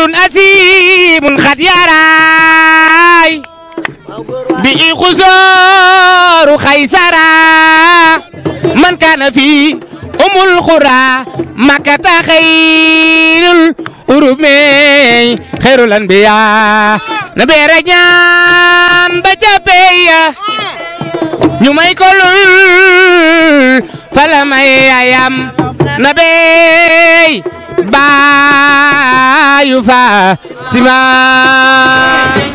غور أسيم خدياراي بي خزار خيسرا من كان في أم القرى مكة خير الأرمي خير الأنبياء نبي رجان بجابي نمي كل فلما يام نبي baayu Fatima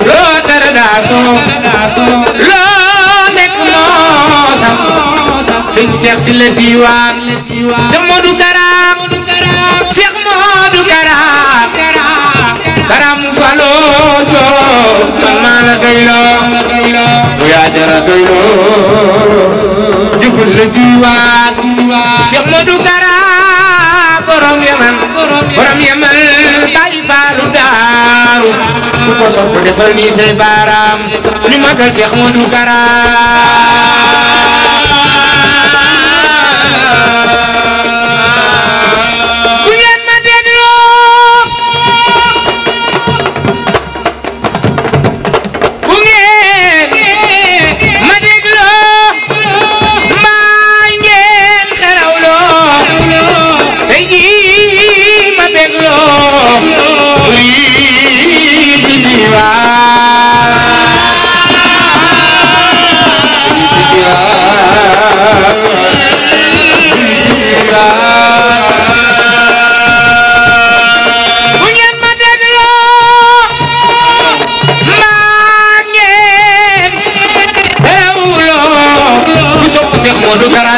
loo dara daa soo loo nekk moo sam sëñ Cheikh si la diwaan sa Modou Karaam Cheikh Modou Karaam Karaam faloo joo man maa la gayloo bu yaa dara gayloo jëfal la diwaan Cheikh Modou Karaam yaman borom yaman bàyyi faalu daaru ku ko sopp defal nii say baaraam ni magal Cheikh Modou Kara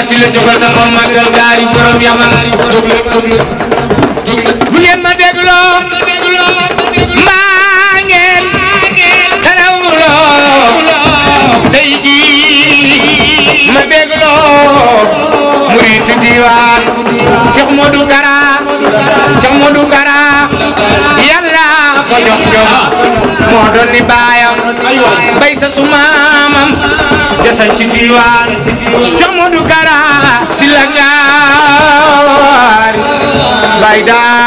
si la jógal dafa màggal gaari borom yaman ma dégloo maa ngeen tarawloo tey jii ma dégloo murit diwaan Cheikh Modou Kara Cheikh Modou Kara ko jox jox moo doon ni baayam bay sa sumaamam desañ diwaan like that.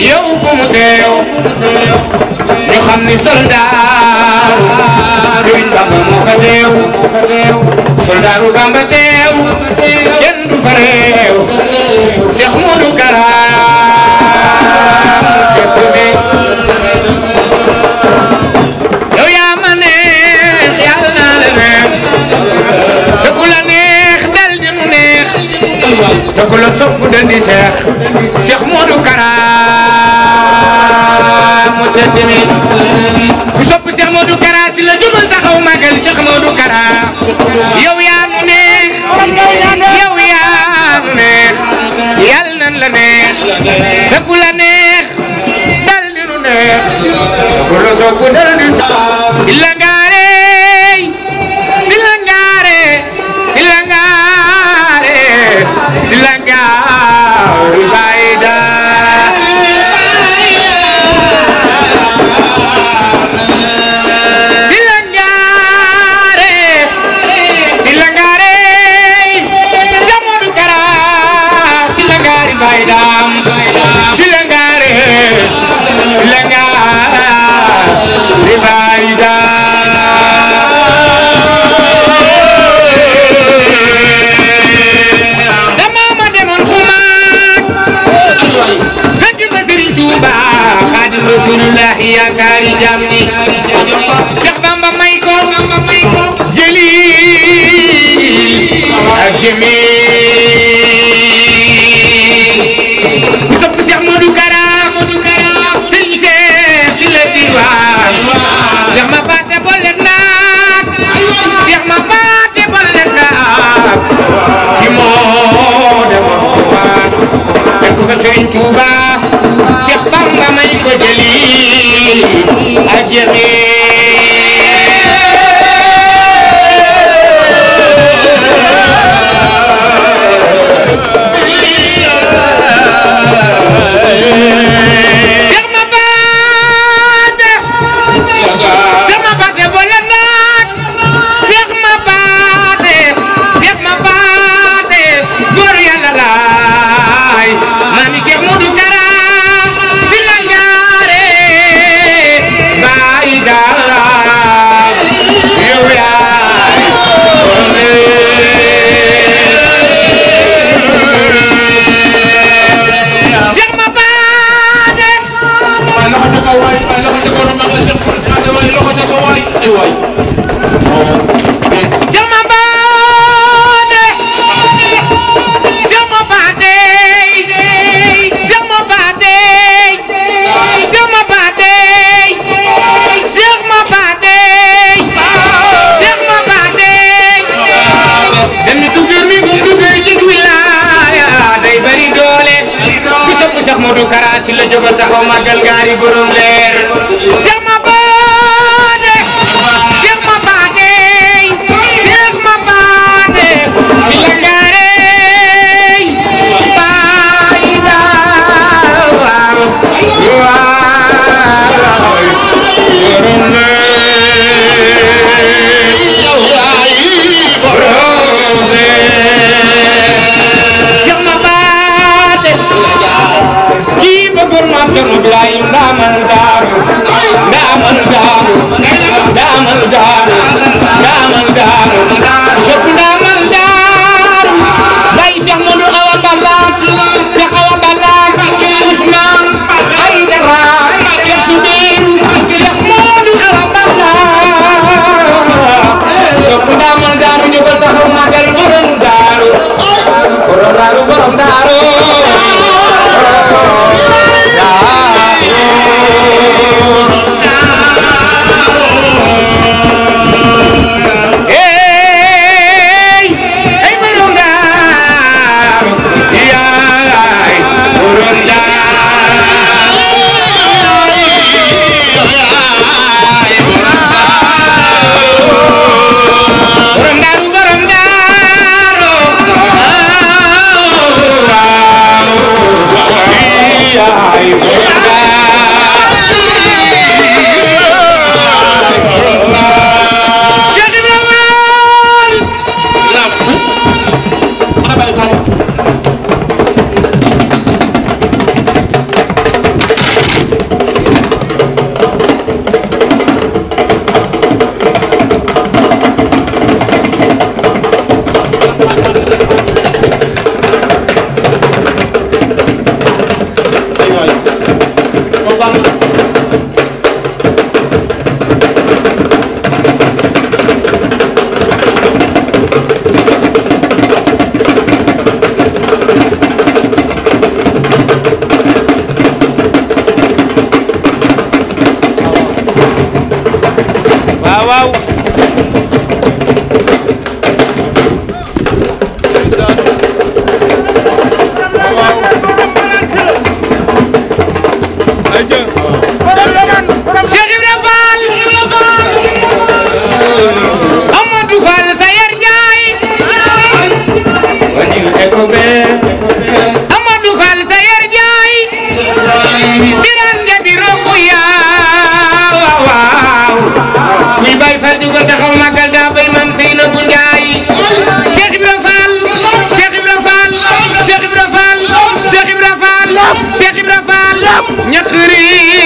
yow fu mu teew xam ni soldaaru Sëriñ Bamba moo fa teew soldaaru Bamba teew kenn du fa réew Cheikh Modou Kara yow yaa ma neex yàlla la neex dëkku la neex dal di nu neex dëkku la sopp dandi Cheikh Cheikh Modou Kara ku sopp Cheikh Modou Kara si la jugal taxaw màggal Cheikh Modou Kara yow yaa nu neex yow yaa nu neex yal la neex dëkku la neex dal nu neex ku la sopp dal di la nga गारी जामी सभ Modou Kara Sylla la jóg taxaw màggal gaari borom leer. ¡Gracias! Cheikh Ibra Fall ñakri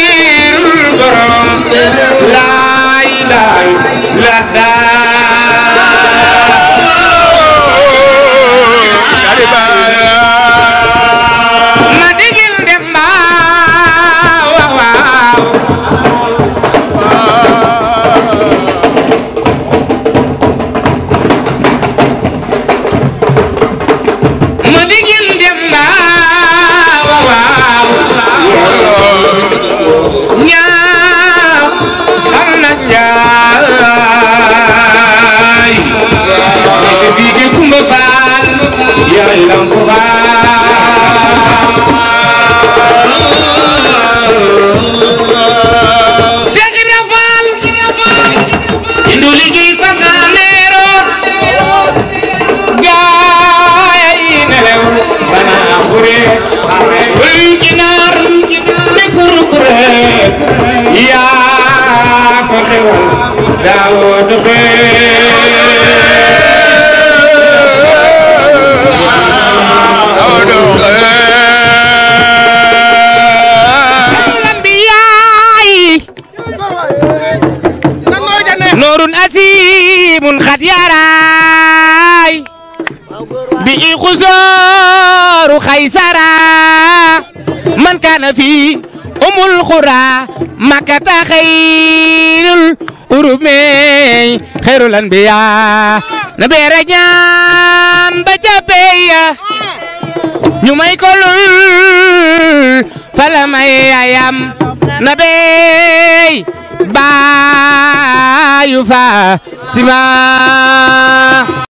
لي خزار خيسرا من كان في أم القرى مكة خير الأرمي خير الأنبياء نبي رجان بجابيا ñumay ko lul fala may ayam na bey baayu Fatima